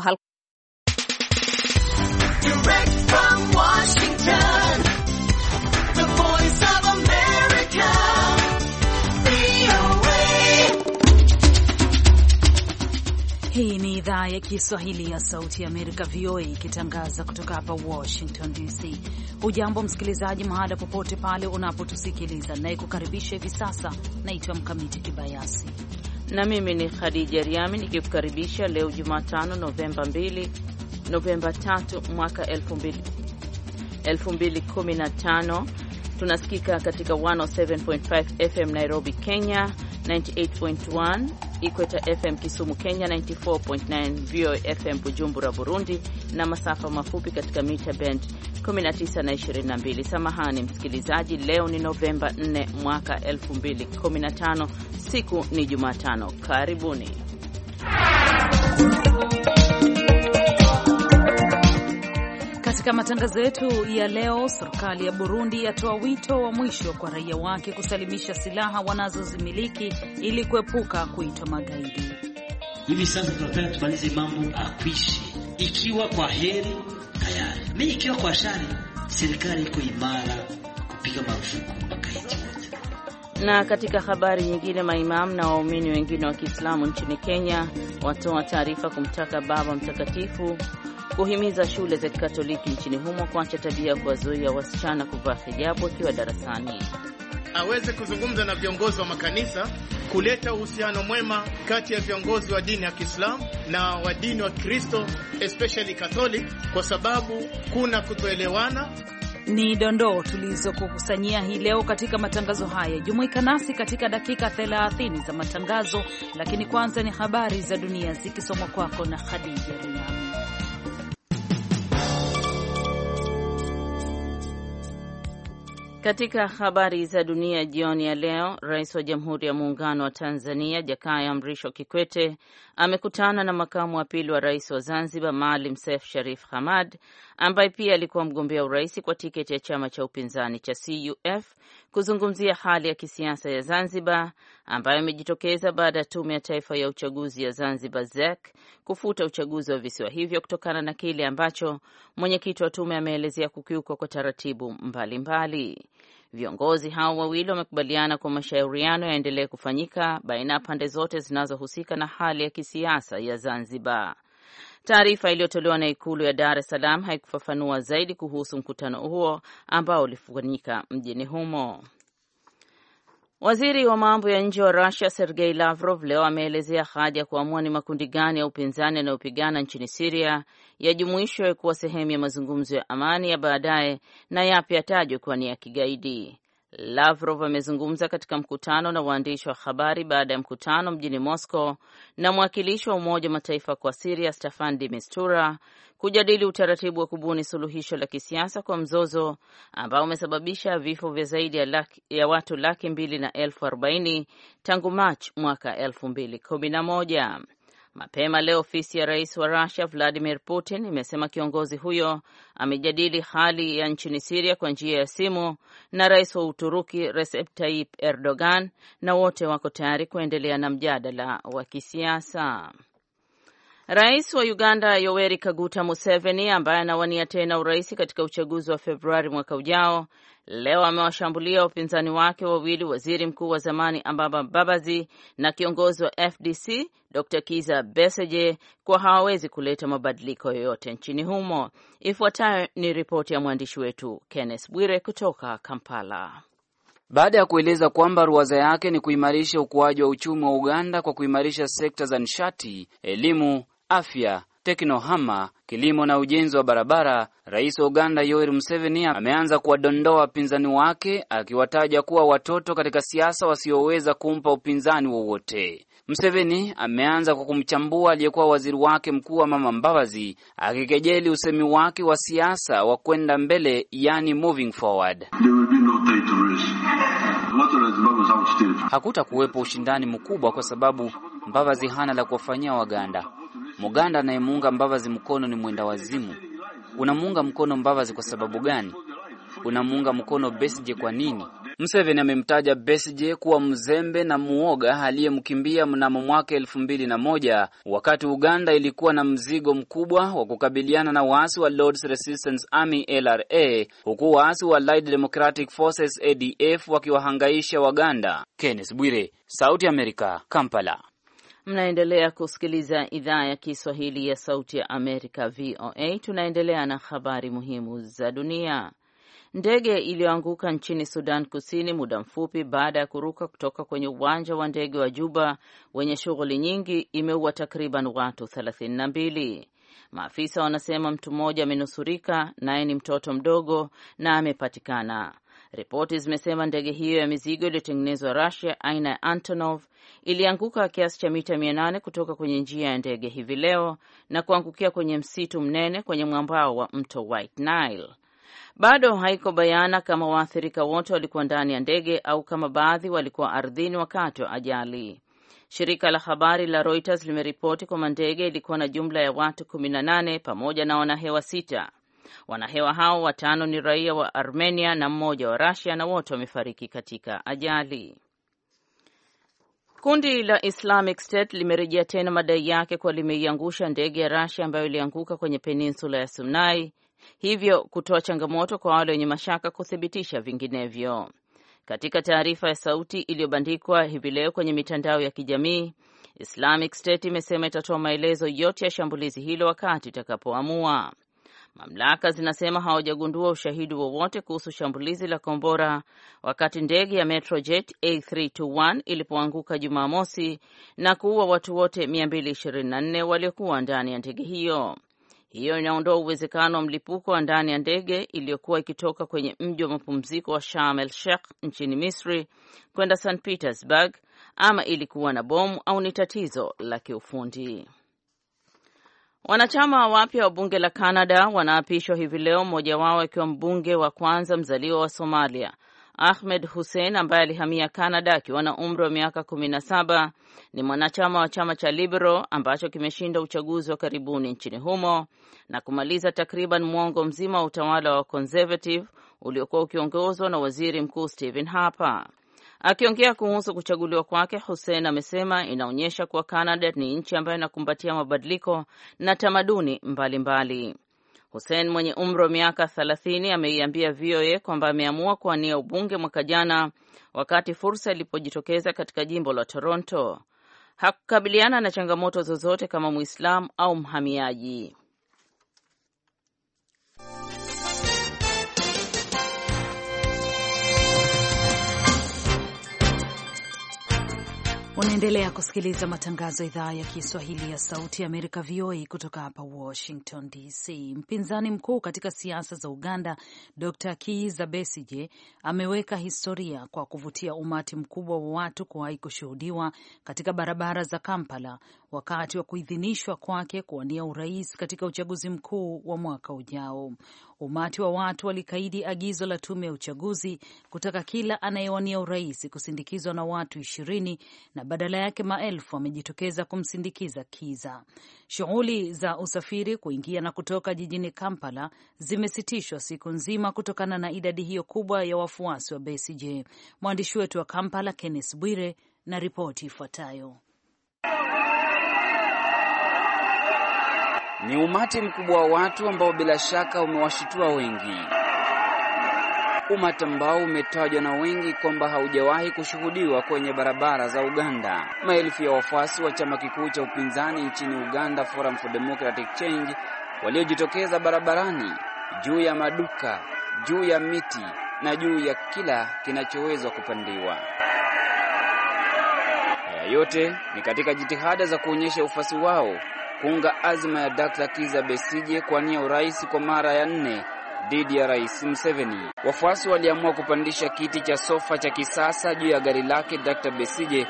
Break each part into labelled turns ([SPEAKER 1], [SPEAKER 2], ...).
[SPEAKER 1] kutoka Direct from Washington,
[SPEAKER 2] hii ni idhaa ya Kiswahili ya Sauti ya Amerika, VOA, ikitangaza kutoka hapa Washington DC. Hujambo msikilizaji, mahala popote pale unapotusikiliza, nayekukaribisha hivi sasa naitwa Mkamiti Kibayasi
[SPEAKER 3] na mimi ni Khadija Riami nikikukaribisha leo Jumatano Novemba 2 Novemba 3 mwaka 2015. Tunasikika katika 107.5 FM Nairobi, Kenya 98.1 Ikweta FM Kisumu Kenya, 94.9 VOA FM Bujumbura Burundi, na masafa mafupi katika mita band 19 na 22. Samahani msikilizaji, leo ni Novemba 4 mwaka 2015, siku ni Jumatano. Karibuni
[SPEAKER 2] Katika matangazo yetu ya leo, serikali ya Burundi yatoa wito wa mwisho kwa raia wake kusalimisha silaha wanazozimiliki ili kuepuka kuitwa magaidi.
[SPEAKER 1] Mimi sasa tunapenda tumalize mambo
[SPEAKER 2] akwishi, ikiwa kwa heri tayari, mi ikiwa kwa shari, serikali iko
[SPEAKER 1] imara kupiga marufuku magaidi wote.
[SPEAKER 3] Na katika habari nyingine, maimamu na waumini wengine wa Kiislamu nchini Kenya watoa taarifa kumtaka Baba Mtakatifu kuhimiza shule za Kikatoliki nchini humo kuacha tabia ya kuwazuia wasichana
[SPEAKER 1] kuvaa hijabu wakiwa darasani. Aweze kuzungumza na viongozi wa makanisa kuleta uhusiano mwema kati ya viongozi wa dini ya Kiislamu na wa dini wa Kristo especially Catholic kwa sababu kuna kutoelewana. Ni
[SPEAKER 2] dondoo tulizokukusanyia hii leo katika matangazo haya. Jumuika nasi katika dakika 30 za matangazo, lakini kwanza ni habari za dunia zikisomwa kwako na Khadija Riami.
[SPEAKER 3] Katika habari za dunia jioni ya leo, rais wa Jamhuri ya Muungano wa Tanzania Jakaya Mrisho Kikwete amekutana na makamu wa pili wa rais wa Zanzibar Maalim Seif Sharif Hamad ambaye pia alikuwa mgombea urais kwa tiketi ya chama cha upinzani cha CUF kuzungumzia hali ya kisiasa ya Zanzibar ambayo imejitokeza baada ya Tume ya Taifa ya Uchaguzi ya Zanzibar ZEC kufuta uchaguzi wa visiwa hivyo kutokana na kile ambacho mwenyekiti wa tume ameelezea kukiukwa kwa taratibu mbalimbali mbali. Viongozi hao wawili wamekubaliana kwa mashauriano yaendelee kufanyika baina ya pande zote zinazohusika na hali ya kisiasa ya Zanzibar. Taarifa iliyotolewa na ikulu ya Dar es Salaam haikufafanua zaidi kuhusu mkutano huo ambao ulifanyika mjini humo. Waziri wa mambo ya nje wa Russia Sergei Lavrov leo ameelezea haja ya kuamua ni makundi gani ya upinzani yanayopigana nchini Siria yajumuishwe kuwa sehemu ya mazungumzo ya amani ya baadaye na yapi yatajwe kuwa ni ya kigaidi. Lavrov amezungumza katika mkutano na waandishi wa habari baada ya mkutano mjini Moscow na mwakilishi wa Umoja wa Mataifa kwa Siria Staffan de Mistura kujadili utaratibu wa kubuni suluhisho la kisiasa kwa mzozo ambao umesababisha vifo vya zaidi ya, laki, ya watu laki mbili na elfu arobaini tangu Machi mwaka elfu mbili kumi na moja. Mapema leo ofisi ya rais wa Rusia Vladimir Putin imesema kiongozi huyo amejadili hali ya nchini Siria kwa njia ya simu na rais wa Uturuki Recep Tayyip Erdogan na wote wako tayari kuendelea na mjadala wa kisiasa. Rais wa Uganda Yoweri Kaguta Museveni ambaye anawania tena urais katika uchaguzi wa Februari mwaka ujao, leo amewashambulia wapinzani wake wawili, waziri mkuu wa zamani Amama Mbabazi na kiongozi wa FDC Dr. Kiza Beseje, kuwa hawawezi kuleta mabadiliko yoyote nchini humo. Ifuatayo ni ripoti ya mwandishi wetu Kenneth Bwire kutoka Kampala.
[SPEAKER 4] Baada ya kueleza kwamba ruwaza yake ni kuimarisha ukuaji wa uchumi wa Uganda kwa kuimarisha sekta za nishati, elimu afya, teknohama, kilimo na ujenzi wa barabara, rais wa Uganda Yoweri Museveni ameanza kuwadondoa wapinzani wake, akiwataja kuwa watoto katika siasa wasioweza kumpa upinzani wowote. Museveni ameanza kwa kumchambua aliyekuwa waziri wake mkuu wa Mama Mbabazi, akikejeli usemi wake wa siasa wa kwenda mbele, yani moving forward. Hakutakuwepo ushindani mkubwa kwa sababu Mbabazi hana la kuwafanyia Waganda. Muganda anayemuunga Mbavazi mkono ni mwenda wazimu. Unamuunga mkono Mbavazi kwa sababu gani? Unamuunga mkono Besigye kwa nini? Museveni amemtaja Besigye kuwa mzembe na muoga aliyemkimbia mnamo mwaka elfu mbili na moja wakati Uganda ilikuwa na mzigo mkubwa wa kukabiliana na waasi wa Lords Resistance Army LRA, huku waasi wa Allied Democratic Forces ADF wakiwahangaisha Waganda. Kenneth Bwire, Sauti ya Amerika, Kampala.
[SPEAKER 3] Mnaendelea kusikiliza idhaa ya Kiswahili ya Sauti ya Amerika, VOA. Tunaendelea na habari muhimu za dunia. Ndege iliyoanguka nchini Sudan Kusini muda mfupi baada ya kuruka kutoka kwenye uwanja wa ndege wa Juba wenye shughuli nyingi imeua takriban watu 32. Maafisa wanasema mtu mmoja amenusurika, naye ni mtoto mdogo na amepatikana. Ripoti zimesema ndege hiyo ya mizigo iliyotengenezwa Russia aina ya Antonov ilianguka kiasi cha mita 800 kutoka kwenye njia ya ndege hivi leo na kuangukia kwenye msitu mnene kwenye mwambao wa mto White Nile. Bado haiko bayana kama waathirika wote walikuwa ndani ya ndege au kama baadhi walikuwa ardhini wakati wa ajali. Shirika la habari la Reuters limeripoti kwamba ndege ilikuwa na jumla ya watu 18 pamoja na wanahewa sita. Wanahewa hao watano ni raia wa Armenia na mmoja wa rasia na wote wamefariki katika ajali. Kundi la Islamic State limerejea tena madai yake kuwa limeiangusha ndege ya rasia ambayo ilianguka kwenye peninsula ya Sinai, hivyo kutoa changamoto kwa wale wenye mashaka kuthibitisha vinginevyo. Katika taarifa ya sauti iliyobandikwa hivi leo kwenye mitandao ya kijamii, Islamic State imesema itatoa maelezo yote ya shambulizi hilo wakati itakapoamua. Mamlaka zinasema hawajagundua ushahidi wowote kuhusu shambulizi la kombora wakati ndege ya Metrojet A321 ilipoanguka Jumamosi na kuua watu wote 224 waliokuwa ndani ya ndege hiyo. Hiyo inaondoa uwezekano wa mlipuko wa ndani ya ndege iliyokuwa ikitoka kwenye mji wa mapumziko wa Sharm el Sheikh nchini Misri kwenda St Petersburg, ama ilikuwa na bomu au ni tatizo la kiufundi. Wanachama wapya wa bunge la Canada wanaapishwa hivi leo, mmoja wao akiwa mbunge wa kwanza mzaliwa wa Somalia, Ahmed Hussein ambaye alihamia Canada akiwa na umri wa miaka kumi na saba. Ni mwanachama wa chama cha Liberal ambacho kimeshinda uchaguzi wa karibuni nchini humo na kumaliza takriban mwongo mzima wa utawala wa Conservative uliokuwa ukiongozwa na waziri mkuu Stephen Harper. Akiongea kuhusu kuchaguliwa kwake, Hussein amesema inaonyesha kuwa Canada ni nchi ambayo inakumbatia mabadiliko na tamaduni mbalimbali mbali. Hussein mwenye umri wa miaka thelathini ameiambia VOA kwamba ameamua kuwania ubunge mwaka jana wakati fursa ilipojitokeza katika jimbo la Toronto. Hakukabiliana na changamoto zozote kama Mwislamu au mhamiaji.
[SPEAKER 2] Unaendelea kusikiliza matangazo ya idhaa ya Kiswahili ya Sauti ya Amerika, VOA, kutoka hapa Washington DC. Mpinzani mkuu katika siasa za Uganda, Dr Kizza Besije, ameweka historia kwa kuvutia umati mkubwa wa watu kuwahi kushuhudiwa katika barabara za Kampala wakati wa kuidhinishwa kwake kuwania urais katika uchaguzi mkuu wa mwaka ujao. Umati wa watu walikaidi agizo la tume ya uchaguzi kutaka kila anayewania urais kusindikizwa na watu ishirini na badala yake maelfu wamejitokeza kumsindikiza Kiza. Shughuli za usafiri kuingia na kutoka jijini Kampala zimesitishwa siku nzima kutokana na idadi hiyo kubwa ya wafuasi wa Besigye. Mwandishi wetu wa Kampala Kenneth Bwire na ripoti ifuatayo.
[SPEAKER 5] Ni
[SPEAKER 4] umati mkubwa wa watu ambao bila shaka umewashitua wengi, umati ambao umetajwa na wengi kwamba haujawahi kushuhudiwa kwenye barabara za Uganda. Maelfu ya wafuasi wa chama kikuu cha upinzani nchini Uganda, Forum for Democratic Change, waliojitokeza barabarani, juu ya maduka, juu ya miti na juu ya kila kinachoweza kupandiwa. Haya yote ni katika jitihada za kuonyesha ufuasi wao kuunga azma ya Dr. Kiza Besije kuwania urais kwa mara ya nne dhidi ya Rais Museveni. Wafuasi waliamua kupandisha kiti cha sofa cha kisasa juu ya gari lake Dr. Besije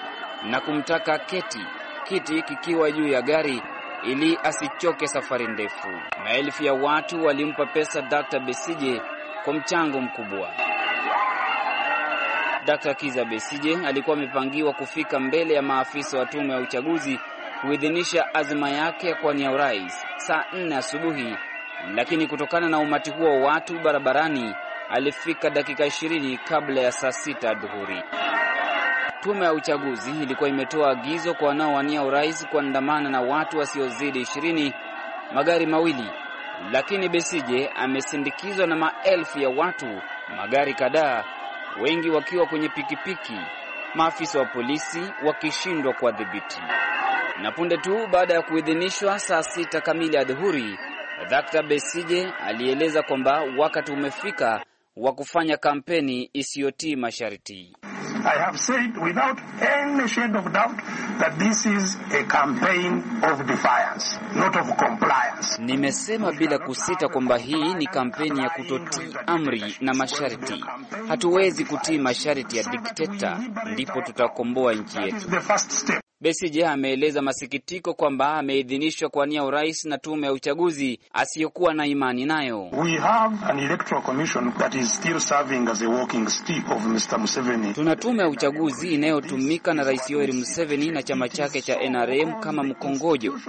[SPEAKER 4] na kumtaka keti, kiti kikiwa juu ya gari ili asichoke safari ndefu. Maelfu ya watu walimpa pesa Dr. Besije kwa mchango mkubwa. Dr. Kiza Besije alikuwa amepangiwa kufika mbele ya maafisa wa tume ya uchaguzi kuidhinisha azma yake ya kuwania urais saa nne asubuhi, lakini kutokana na umati huo wa watu barabarani alifika dakika ishirini kabla ya saa sita dhuhuri. Tume ya uchaguzi ilikuwa imetoa agizo kwa wanaowania urais kuandamana na watu wasiozidi ishirini magari mawili, lakini Besije amesindikizwa na maelfu ya watu, magari kadhaa, wengi wakiwa kwenye pikipiki, maafisa wa polisi wakishindwa kuwadhibiti na punde tu baada ya kuidhinishwa saa sita kamili adhuhuri, Dr. Besije alieleza kwamba wakati umefika wa kufanya kampeni isiyotii masharti.
[SPEAKER 5] I have said without any shade of doubt that this is a campaign of defiance, not of compliance.
[SPEAKER 4] Nimesema bila kusita kwamba hii ni kampeni ya kutotii amri na masharti. Hatuwezi kutii masharti ya dikteta, ndipo tutakomboa nchi yetu besije ameeleza masikitiko kwamba ameidhinishwa kuwania urais na tume ya uchaguzi asiyokuwa na imani nayo. Tuna tume ya uchaguzi inayotumika na Rais Yoweri Museveni na chama chake cha NRM kama mkongojo.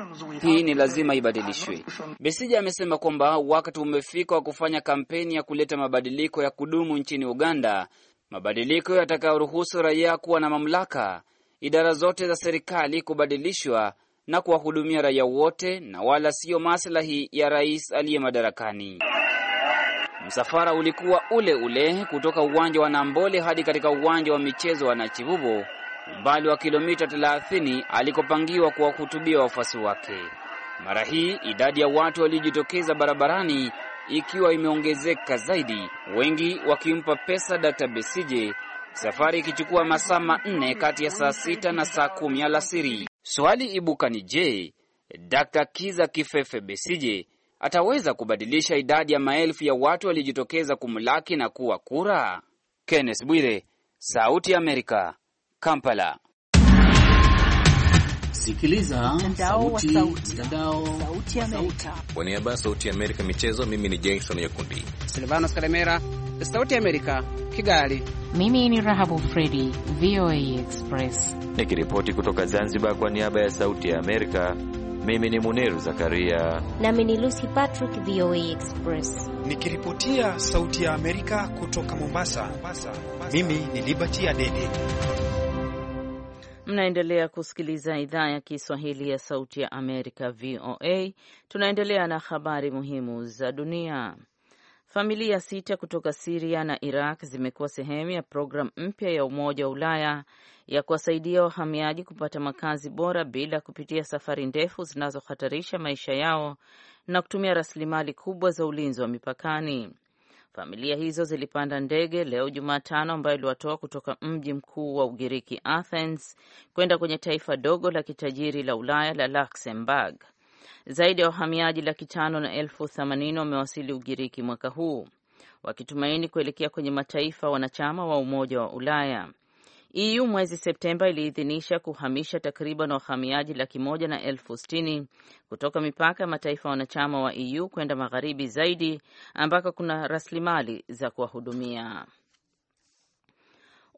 [SPEAKER 4] Hii ni lazima ibadilishwe. besije amesema kwamba wakati umefika wa kufanya kampeni ya kuleta mabadiliko ya kudumu nchini Uganda, mabadiliko yatakayoruhusu raia kuwa na mamlaka idara zote za serikali kubadilishwa na kuwahudumia raia wote na wala siyo maslahi ya rais aliye madarakani. Msafara ulikuwa ule ule kutoka uwanja wa Nambole hadi katika uwanja wa michezo wa Nachivubo, umbali wa kilomita 30 alikopangiwa kuwahutubia wafuasi wake. Mara hii idadi ya watu waliojitokeza barabarani ikiwa imeongezeka zaidi, wengi wakimpa pesa Dkt. Besije safari ikichukua masaa manne kati ya saa sita na saa kumi alasiri. Swali ibuka ni je, Dr. Kiza Kifefe Besije ataweza kubadilisha idadi ya maelfu ya watu waliojitokeza kumlaki na kuwa kura? Kenneth Bwire, Sauti ya Amerika, Kampala. Sikiliza mtandao sauti, sauti ya Amerika.
[SPEAKER 1] Kwa niaba ya Sauti ya Amerika michezo, mimi ni Jason Yakundi.
[SPEAKER 6] Silvanos Karemera Sauti ya Amerika, Kigali. Mimi ni Rahabu Fredi, VOA Express,
[SPEAKER 1] nikiripoti
[SPEAKER 4] kutoka Zanzibar kwa niaba ya Sauti ya Amerika. Mimi ni Muneru Zakaria,
[SPEAKER 5] nami ni Lucy Patrick, VOA Express, nikiripotia Sauti ya Amerika kutoka Mombasa. Mombasa, Mombasa. Mimi ni Liberty Adede.
[SPEAKER 3] Mnaendelea kusikiliza idhaa ya Kiswahili ya Sauti ya Amerika, VOA. Tunaendelea na habari muhimu za dunia. Familia sita kutoka Siria na Iraq zimekuwa sehemu ya programu mpya ya Umoja wa Ulaya ya kuwasaidia wahamiaji kupata makazi bora bila kupitia safari ndefu zinazohatarisha maisha yao na kutumia rasilimali kubwa za ulinzi wa mipakani. Familia hizo zilipanda ndege leo Jumatano ambayo iliwatoa kutoka mji mkuu wa Ugiriki Athens kwenda kwenye taifa dogo la kitajiri la Ulaya la Luxembourg. Zaidi ya wahamiaji laki tano na elfu themanini wamewasili Ugiriki mwaka huu wakitumaini kuelekea kwenye mataifa wanachama wa Umoja wa Ulaya. EU mwezi Septemba iliidhinisha kuhamisha takriban wahamiaji laki moja na elfu sitini kutoka mipaka ya mataifa wanachama wa EU kwenda magharibi zaidi ambako kuna rasilimali za kuwahudumia.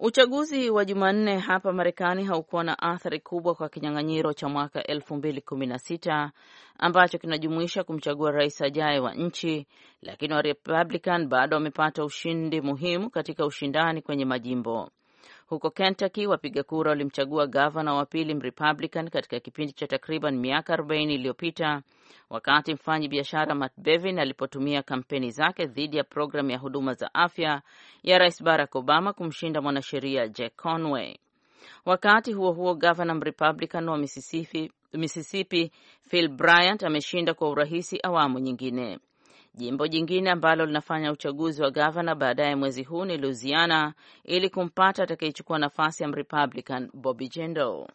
[SPEAKER 3] Uchaguzi wa Jumanne hapa Marekani haukuwa na athari kubwa kwa kinyang'anyiro cha mwaka 2016 ambacho kinajumuisha kumchagua rais ajaye wa nchi, lakini wa Republican bado wamepata ushindi muhimu katika ushindani kwenye majimbo. Huko Kentucky, wapiga kura walimchagua gavana wa pili Mrepublican katika kipindi cha takriban miaka 40 iliyopita, wakati mfanyi biashara Matt Bevin alipotumia kampeni zake dhidi ya programu ya huduma za afya ya Rais Barack Obama kumshinda mwanasheria Jack Conway. Wakati huo huo, gavana Mrepublican wa Mississippi Mississippi Phil Bryant ameshinda kwa urahisi awamu nyingine. Jimbo jingine ambalo linafanya uchaguzi wa gavana baadaye mwezi huu ni Louisiana ili kumpata atakayechukua nafasi ya Mrepublican Bobby Jindal.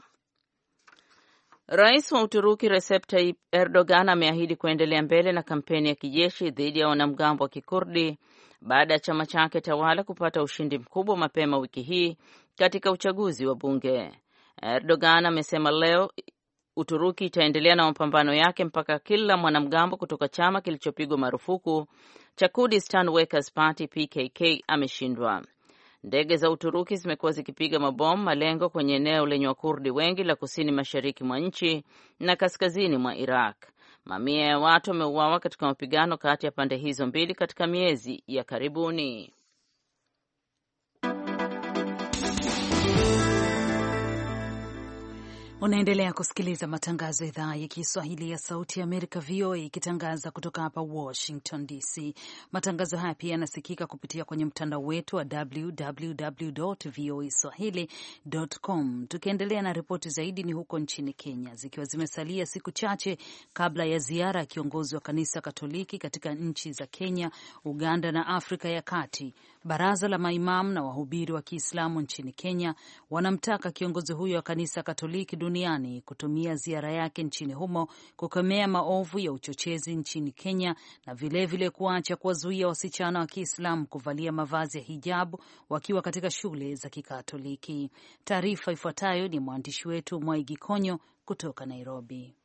[SPEAKER 3] Rais wa Uturuki Recep Tayyip Erdogan ameahidi kuendelea mbele na kampeni ya kijeshi dhidi ya wanamgambo wa Kikurdi baada ya chama chake tawala kupata ushindi mkubwa mapema wiki hii katika uchaguzi wa bunge. Erdogan amesema leo Uturuki itaendelea na mapambano yake mpaka kila mwanamgambo kutoka chama kilichopigwa marufuku cha Kurdistan Workers Party PKK ameshindwa. Ndege za Uturuki zimekuwa zikipiga mabomu malengo kwenye eneo lenye Wakurdi wengi la kusini mashariki mwa nchi na kaskazini mwa Iraq. Mamia ya watu wameuawa katika mapigano kati ya pande hizo mbili katika miezi ya karibuni.
[SPEAKER 2] Unaendelea kusikiliza matangazo ya idhaa ya Kiswahili ya Sauti ya Amerika, VOA, ikitangaza kutoka hapa Washington DC. Matangazo haya pia yanasikika kupitia kwenye mtandao wetu wa www voa swahili.com. Tukiendelea na ripoti zaidi, ni huko nchini Kenya, zikiwa zimesalia siku chache kabla ya ziara ya kiongozi wa kanisa Katoliki katika nchi za Kenya, Uganda na Afrika ya Kati. Baraza la maimamu na wahubiri wa Kiislamu nchini Kenya wanamtaka kiongozi huyo wa kanisa Katoliki duniani kutumia ziara yake nchini humo kukemea maovu ya uchochezi nchini Kenya na vilevile kuacha kuwazuia wasichana wa Kiislamu kuvalia mavazi ya hijabu wakiwa katika shule za Kikatoliki. Taarifa ifuatayo ni mwandishi wetu Mwaigi Konyo kutoka Nairobi.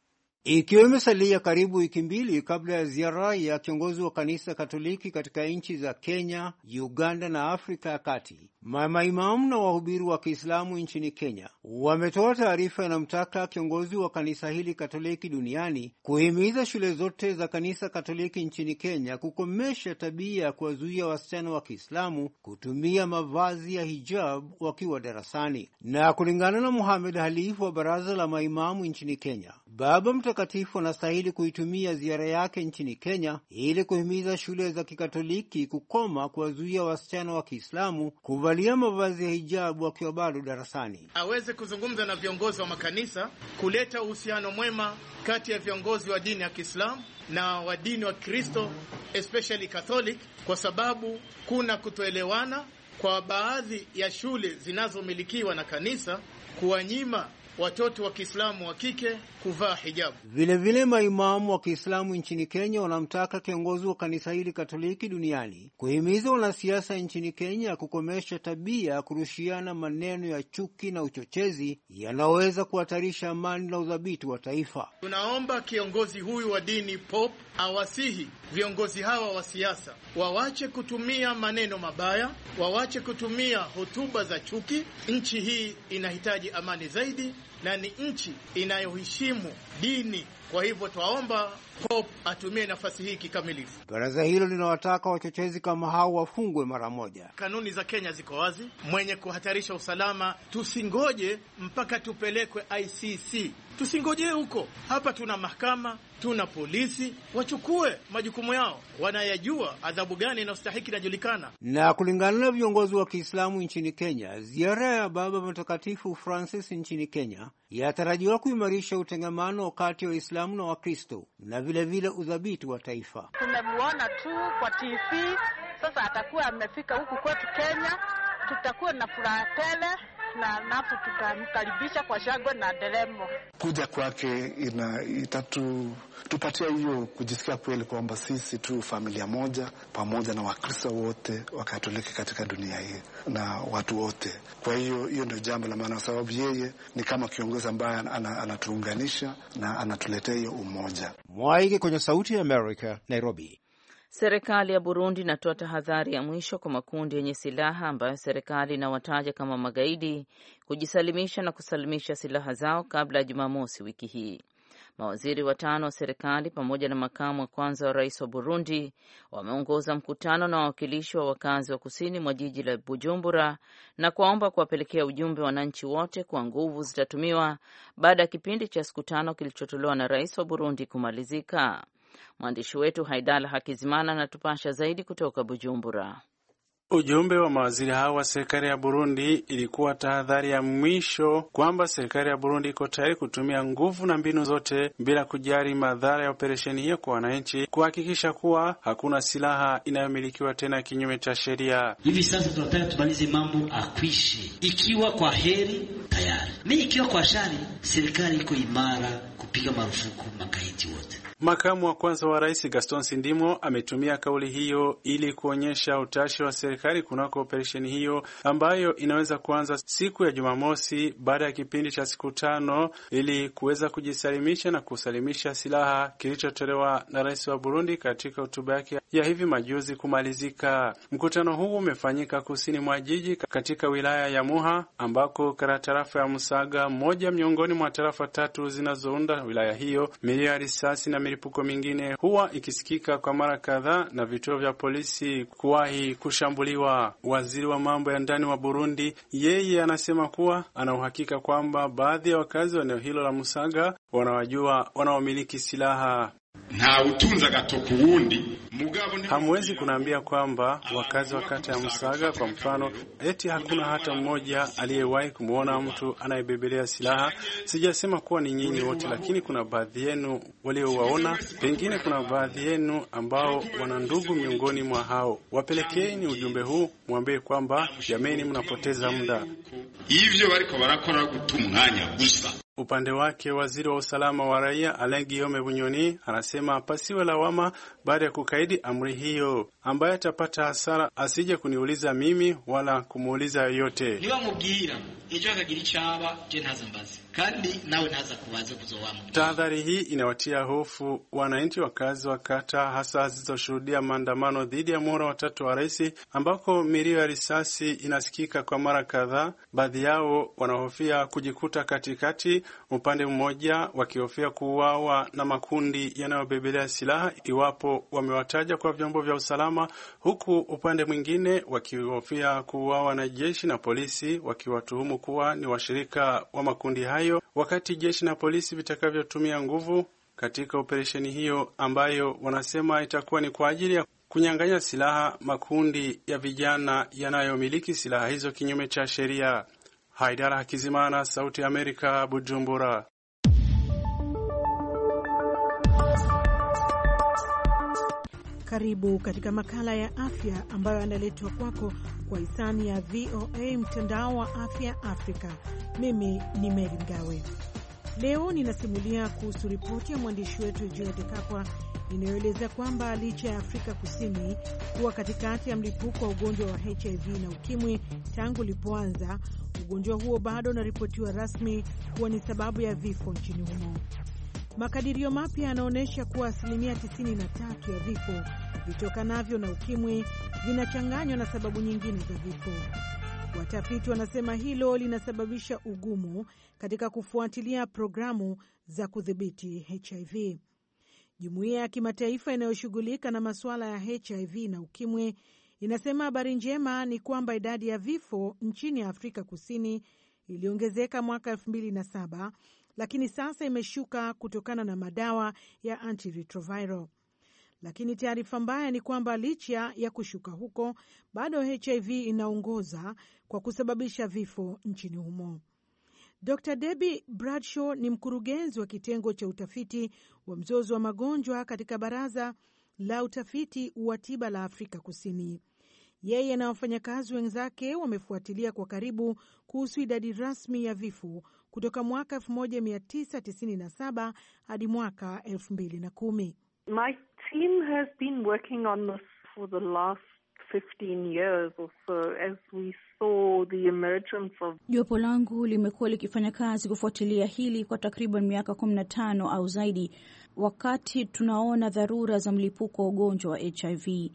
[SPEAKER 5] Ikiwa imesalia karibu wiki mbili kabla ya ziara ya kiongozi wa kanisa Katoliki katika nchi za Kenya, Uganda na Afrika ya Kati, mamaimamu na wahubiri wa Kiislamu nchini Kenya wametoa taarifa inamtaka kiongozi wa kanisa hili Katoliki duniani kuhimiza shule zote za kanisa Katoliki nchini Kenya kukomesha tabia ya kuwazuia wasichana wa Kiislamu kutumia mavazi ya hijab wakiwa darasani. Na kulingana na Muhamed Halifu wa baraza la maimamu nchini Kenya, Baba Mtakatifu anastahili kuitumia ziara yake nchini Kenya ili kuhimiza shule za Kikatoliki kukoma kuwazuia wasichana wa Kiislamu kuvalia mavazi ya hijabu wakiwa bado darasani,
[SPEAKER 1] aweze kuzungumza na viongozi wa makanisa kuleta uhusiano mwema kati ya viongozi wa dini ya Kiislamu na wa dini wa Kristo especially Catholic, kwa sababu kuna kutoelewana kwa baadhi ya shule zinazomilikiwa na kanisa kuwanyima watoto wa Kiislamu wa kike kuvaa hijabu.
[SPEAKER 5] Vilevile maimamu wa Kiislamu nchini Kenya wanamtaka kiongozi wa kanisa hili Katoliki duniani kuhimiza wanasiasa nchini Kenya kukomesha tabia ya kurushiana maneno ya chuki na uchochezi yanayoweza kuhatarisha amani na udhabiti wa taifa.
[SPEAKER 1] Tunaomba kiongozi huyu wa dini pop awasihi viongozi hawa wa siasa wawache kutumia maneno mabaya, wawache kutumia hotuba za chuki. Nchi hii inahitaji amani zaidi na ni nchi inayoheshimu dini kwa hivyo twaomba pop atumie nafasi hii kikamilifu.
[SPEAKER 5] Baraza hilo linawataka wachochezi kama hao wafungwe mara moja.
[SPEAKER 1] Kanuni za Kenya ziko wazi, mwenye kuhatarisha usalama tusingoje mpaka tupelekwe ICC, tusingoje huko. Hapa tuna mahakama, tuna polisi, wachukue majukumu yao, wanayajua adhabu gani inayostahiki inajulikana.
[SPEAKER 5] Na kulingana na viongozi wa Kiislamu nchini Kenya, ziara ya Baba Mtakatifu Francis nchini Kenya yatarajiwa kuimarisha utengamano kati ya Waislamu na Wakristo na vilevile udhabiti wa taifa.
[SPEAKER 6] Tumemwona tu kwa TV, sasa atakuwa amefika huku kwetu Kenya, tutakuwa na furaha tele na napo tutamkaribisha kwa shangwe na nderemo.
[SPEAKER 5] Kuja kwake ina itatupatia hiyo kujisikia kweli kwamba sisi tu familia moja pamoja na Wakristo wote Wakatoliki katika dunia hii na watu wote. Kwa hiyo hiyo ndio jambo la maana, kwa sababu yeye ni kama kiongozi ambaye anatuunganisha na anatuletea hiyo umoja. Mwaige kwenye Sauti ya Amerika, Nairobi.
[SPEAKER 3] Serikali ya Burundi inatoa tahadhari ya mwisho kwa makundi yenye silaha ambayo serikali inawataja kama magaidi kujisalimisha na kusalimisha silaha zao kabla ya Jumamosi wiki hii. Mawaziri watano wa serikali pamoja na makamu wa kwanza wa rais wa Burundi wameongoza mkutano na wawakilishi wa wakazi wa kusini mwa jiji la Bujumbura na kuwaomba kuwapelekea ujumbe wananchi wote kwa nguvu zitatumiwa baada ya kipindi cha siku tano kilichotolewa na rais wa Burundi kumalizika. Mwandishi wetu Haidala Hakizimana anatupasha zaidi kutoka Bujumbura.
[SPEAKER 7] Ujumbe wa mawaziri hao wa serikali ya Burundi ilikuwa tahadhari ya mwisho kwamba serikali ya Burundi iko tayari kutumia nguvu na mbinu zote bila kujali madhara ya operesheni hiyo kwa wananchi, kuhakikisha kuwa hakuna silaha inayomilikiwa tena kinyume cha sheria. Hivi sasa
[SPEAKER 4] tunataka tumalize mambo akwishi, ikiwa kwa heri tayari mi, ikiwa kwa shari, serikali iko imara kupiga marufuku magaidi wote.
[SPEAKER 7] Makamu wa kwanza wa rais Gaston Sindimo ametumia kauli hiyo ili kuonyesha utashi wa serikali kunako operesheni hiyo ambayo inaweza kuanza siku ya Jumamosi baada ya kipindi cha siku tano ili kuweza kujisalimisha na kusalimisha silaha kilichotolewa na rais wa Burundi katika hotuba yake ya hivi majuzi kumalizika. Mkutano huu umefanyika kusini mwa jiji katika wilaya ya Muha ambako tarafa ya Musaga, moja miongoni mwa tarafa tatu zinazounda wilaya hiyo, milio ya risasi na milipuko mingine huwa ikisikika kwa mara kadhaa na vituo vya polisi kuwahi kushambuliwa. Waziri wa mambo ya ndani wa Burundi yeye anasema kuwa ana uhakika kwamba baadhi ya wakazi wa eneo hilo la Musaga wanawajua wanaomiliki silaha. Hamwezi kunaambia kwamba wakazi wa kata ya Msaga kwa mfano, eti hakuna hata mmoja aliyewahi kumwona mtu anayebebelea silaha. Sijasema kuwa ni nyinyi wote, lakini kuna baadhi yenu waliowaona. Pengine kuna baadhi yenu ambao wana ndugu miongoni mwa hao. Wapelekeeni ujumbe huu, mwambie kwamba jameni, mnapoteza muda
[SPEAKER 5] hivyo bariko barakora guta
[SPEAKER 7] gusa Upande wake waziri wa usalama wa raia Alain Guillaume Bunyoni anasema pasiwe lawama baada ya kukaidi amri hiyo. Ambaye atapata hasara asije kuniuliza mimi wala kumuuliza yoyote. Tahadhari hii inawatia hofu wananchi wakazi wa kata hasa zilizoshuhudia maandamano dhidi ya muhula watatu wa rais, ambako milio ya risasi inasikika kwa mara kadhaa. Baadhi yao wanahofia kujikuta katikati upande mmoja wakihofia kuuawa na makundi yanayobebelea silaha iwapo wamewataja kwa vyombo vya usalama, huku upande mwingine wakihofia kuuawa na jeshi na polisi wakiwatuhumu kuwa ni washirika wa makundi hayo, wakati jeshi na polisi vitakavyotumia nguvu katika operesheni hiyo ambayo wanasema itakuwa ni kwa ajili ya kunyang'anya silaha makundi ya vijana yanayomiliki silaha hizo kinyume cha sheria. Haidara Hakizimana, Sauti ya Amerika, Bujumbura.
[SPEAKER 6] Karibu katika makala ya afya ambayo yanaletwa kwako kwa hisani ya VOA, mtandao wa afya Afrika. Mimi ni Meri Mgawe. Leo ninasimulia kuhusu ripoti ya mwandishi wetu Jude Kapwa inayoeleza kwamba licha ya Afrika Kusini kuwa katikati ya mlipuko wa ugonjwa wa HIV na ukimwi tangu ulipoanza, ugonjwa huo bado unaripotiwa rasmi kuwa ni sababu ya vifo nchini humo. Makadirio mapya yanaonyesha kuwa asilimia 93 ya vifo vitokanavyo na ukimwi vinachanganywa na sababu nyingine za vifo. Watafiti wanasema hilo linasababisha ugumu katika kufuatilia programu za kudhibiti HIV. Jumuiya ya kimataifa inayoshughulika na masuala ya HIV na ukimwi inasema habari njema ni kwamba idadi ya vifo nchini Afrika Kusini iliongezeka mwaka 2007 lakini sasa imeshuka kutokana na madawa ya antiretroviral. Lakini taarifa mbaya ni kwamba licha ya kushuka huko, bado HIV inaongoza kwa kusababisha vifo nchini humo. Dr Debbie Bradshaw ni mkurugenzi wa kitengo cha utafiti wa mzozo wa magonjwa katika Baraza la Utafiti wa Tiba la Afrika Kusini. Yeye na wafanyakazi wenzake wamefuatilia kwa karibu kuhusu idadi rasmi ya vifo kutoka mwaka 1997 hadi mwaka 2010. My
[SPEAKER 5] team has been working on this for the last 15 years or so as we saw the emergence of.
[SPEAKER 8] Jopo langu limekuwa likifanya kazi kufuatilia hili kwa takriban miaka 15 au zaidi, wakati tunaona dharura za mlipuko wa ugonjwa wa HIV.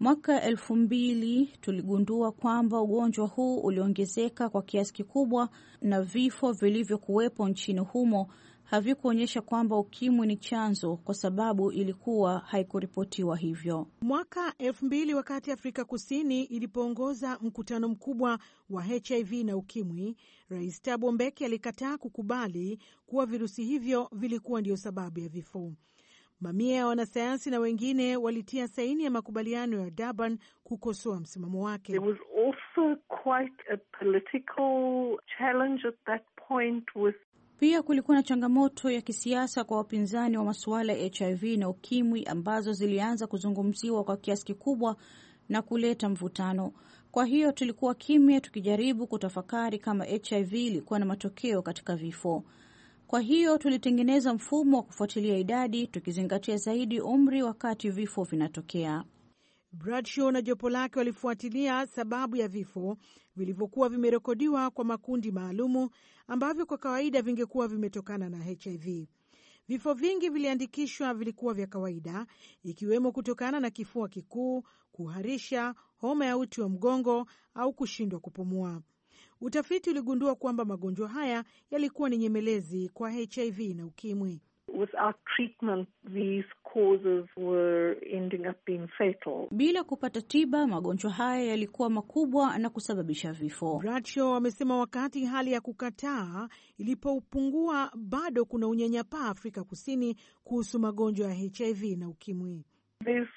[SPEAKER 8] Mwaka elfu mbili tuligundua kwamba ugonjwa huu uliongezeka kwa kiasi kikubwa na vifo vilivyokuwepo nchini humo havikuonyesha kwamba ukimwi ni chanzo, kwa sababu ilikuwa haikuripotiwa hivyo.
[SPEAKER 6] Mwaka elfu mbili wakati Afrika Kusini ilipoongoza mkutano mkubwa wa HIV na ukimwi, Rais Thabo Mbeki alikataa kukubali kuwa virusi hivyo vilikuwa ndiyo sababu ya vifo. Mamia ya wanasayansi na wengine walitia saini ya makubaliano ya Durban kukosoa msimamo wake. Pia
[SPEAKER 8] kulikuwa na changamoto ya kisiasa kwa wapinzani wa masuala ya HIV na ukimwi ambazo zilianza kuzungumziwa kwa kiasi kikubwa na kuleta mvutano. Kwa hiyo tulikuwa kimya, tukijaribu kutafakari kama HIV ilikuwa na matokeo katika vifo. Kwa hiyo tulitengeneza mfumo wa kufuatilia idadi, tukizingatia zaidi umri wakati
[SPEAKER 6] vifo vinatokea. Bradshaw na jopo lake walifuatilia sababu ya vifo vilivyokuwa vimerekodiwa kwa makundi maalumu ambavyo kwa kawaida vingekuwa vimetokana na HIV. Vifo vingi viliandikishwa vilikuwa vya kawaida, ikiwemo kutokana na kifua kikuu, kuharisha, homa ya uti wa mgongo au kushindwa kupumua. Utafiti uligundua kwamba magonjwa haya yalikuwa ni nyemelezi kwa HIV na UKIMWI. Without treatment, these causes were
[SPEAKER 8] ending up being fatal. Bila kupata tiba, magonjwa haya yalikuwa makubwa na
[SPEAKER 6] kusababisha vifo. Bradshaw amesema wakati hali ya kukataa ilipopungua, bado kuna unyanyapaa Afrika Kusini kuhusu magonjwa ya HIV na ukimwi.
[SPEAKER 5] There's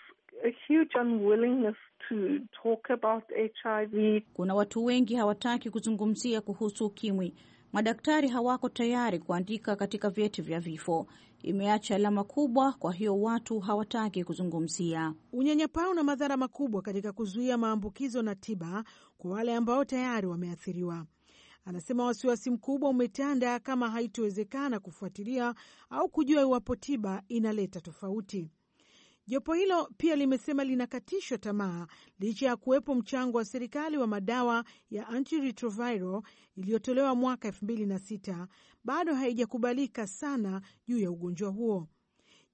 [SPEAKER 5] a huge unwillingness to talk about HIV. Kuna
[SPEAKER 8] watu wengi hawataki kuzungumzia kuhusu ukimwi Madaktari hawako tayari kuandika katika vyeti vya vifo. Imeacha alama kubwa, kwa hiyo watu hawataki
[SPEAKER 6] kuzungumzia. Unyanyapaa una madhara makubwa katika kuzuia maambukizo na tiba kwa wale ambao tayari wameathiriwa. Anasema wasiwasi mkubwa umetanda kama haitowezekana kufuatilia au kujua iwapo tiba inaleta tofauti. Jopo hilo pia limesema linakatishwa tamaa licha ya kuwepo mchango wa serikali wa madawa ya antiretroviral iliyotolewa mwaka elfu mbili na sita bado haijakubalika sana juu ya ugonjwa huo,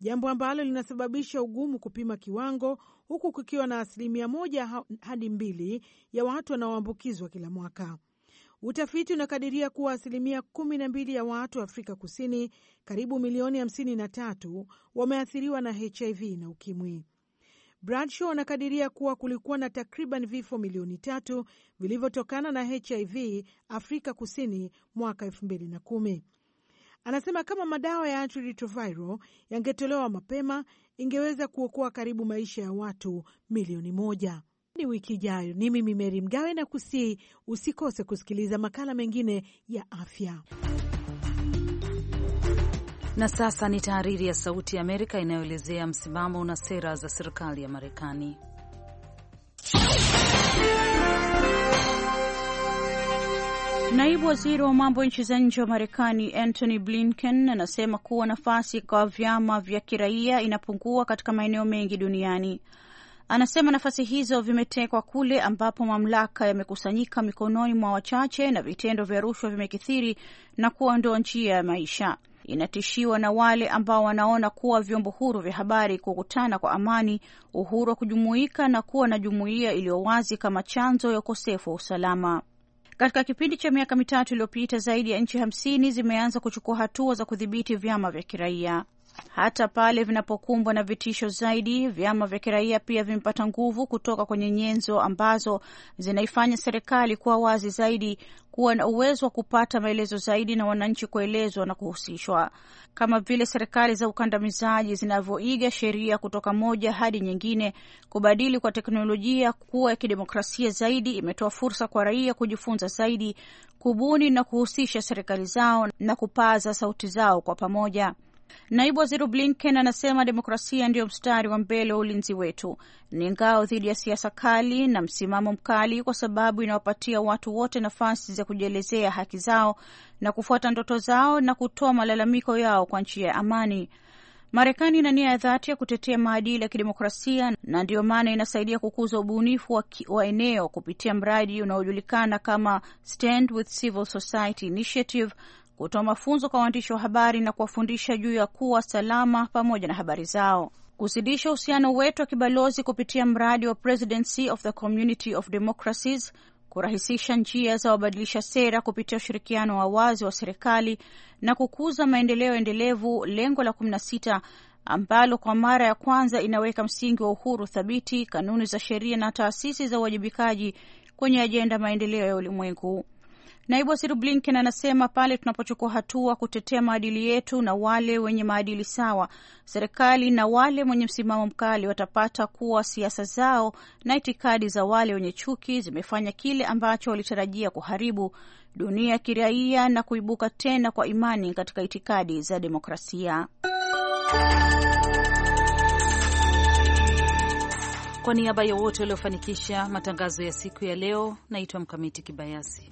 [SPEAKER 6] jambo ambalo linasababisha ugumu kupima kiwango, huku kukiwa na asilimia moja hadi mbili ya watu wanaoambukizwa kila mwaka. Utafiti unakadiria kuwa asilimia 12 ya watu Afrika Kusini, karibu milioni 53, wameathiriwa na HIV na ukimwi. Bradshaw anakadiria kuwa kulikuwa na takriban vifo milioni tatu vilivyotokana na HIV Afrika Kusini mwaka 2010. Anasema kama madawa ya antiretroviral yangetolewa mapema ingeweza kuokoa karibu maisha ya watu milioni moja. Hadi wiki ijayo, ni mimi Meri Mgawe na kusii usikose kusikiliza makala mengine ya afya.
[SPEAKER 2] Na sasa ni tahariri ya Sauti ya Amerika inayoelezea msimamo na sera za serikali ya Marekani.
[SPEAKER 8] Naibu waziri wa mambo nchi za nje wa Marekani Antony Blinken anasema kuwa nafasi kwa vyama vya kiraia inapungua katika maeneo mengi duniani. Anasema nafasi hizo vimetekwa kule ambapo mamlaka yamekusanyika mikononi mwa wachache na vitendo vya rushwa vimekithiri na kuondoa njia ya maisha. Inatishiwa na wale ambao wanaona kuwa vyombo huru vya habari kukutana kwa amani, uhuru wa kujumuika na kuwa na jumuiya iliyo wazi kama chanzo ya ukosefu wa usalama. Katika kipindi cha miaka mitatu iliyopita, zaidi ya nchi hamsini zimeanza kuchukua hatua za kudhibiti vyama vya kiraia. Hata pale vinapokumbwa na vitisho zaidi, vyama vya kiraia pia vimepata nguvu kutoka kwenye nyenzo ambazo zinaifanya serikali kuwa wazi zaidi, kuwa na uwezo wa kupata maelezo zaidi na wananchi kuelezwa na kuhusishwa, kama vile serikali za ukandamizaji zinavyoiga sheria kutoka moja hadi nyingine. Kubadili kwa teknolojia kuwa ya kidemokrasia zaidi imetoa fursa kwa raia kujifunza zaidi, kubuni na kuhusisha serikali zao na kupaza sauti zao kwa pamoja. Naibu Waziri Blinken anasema demokrasia ndiyo mstari wa mbele wa ulinzi wetu. Ni ngao dhidi ya siasa kali na msimamo mkali, kwa sababu inawapatia watu wote nafasi za kujielezea haki zao na kufuata ndoto zao na kutoa malalamiko yao kwa njia ya amani. Marekani ina nia ya dhati ya kutetea maadili ya kidemokrasia na ndiyo maana inasaidia kukuza ubunifu wa, wa eneo kupitia mradi unaojulikana kama Stand with Civil Society Initiative kutoa mafunzo kwa waandishi wa habari na kuwafundisha juu ya kuwa salama pamoja na habari zao, kuzidisha uhusiano wetu wa kibalozi kupitia mradi wa Presidency of the Community of Democracies, kurahisisha njia za wabadilisha sera kupitia ushirikiano wa wazi wa serikali na kukuza maendeleo endelevu, lengo la 16 ambalo kwa mara ya kwanza inaweka msingi wa uhuru thabiti, kanuni za sheria na taasisi za uwajibikaji kwenye ajenda maendeleo ya ulimwengu. Naibu Waziri Blinken anasema pale tunapochukua hatua kutetea maadili yetu na wale wenye maadili sawa, serikali na wale mwenye msimamo mkali watapata kuwa siasa zao na itikadi za wale wenye chuki zimefanya kile ambacho walitarajia kuharibu dunia ya kiraia na kuibuka tena kwa imani katika
[SPEAKER 2] itikadi za demokrasia. Kwa niaba ya wote waliofanikisha matangazo ya siku ya leo, naitwa Mkamiti Kibayasi.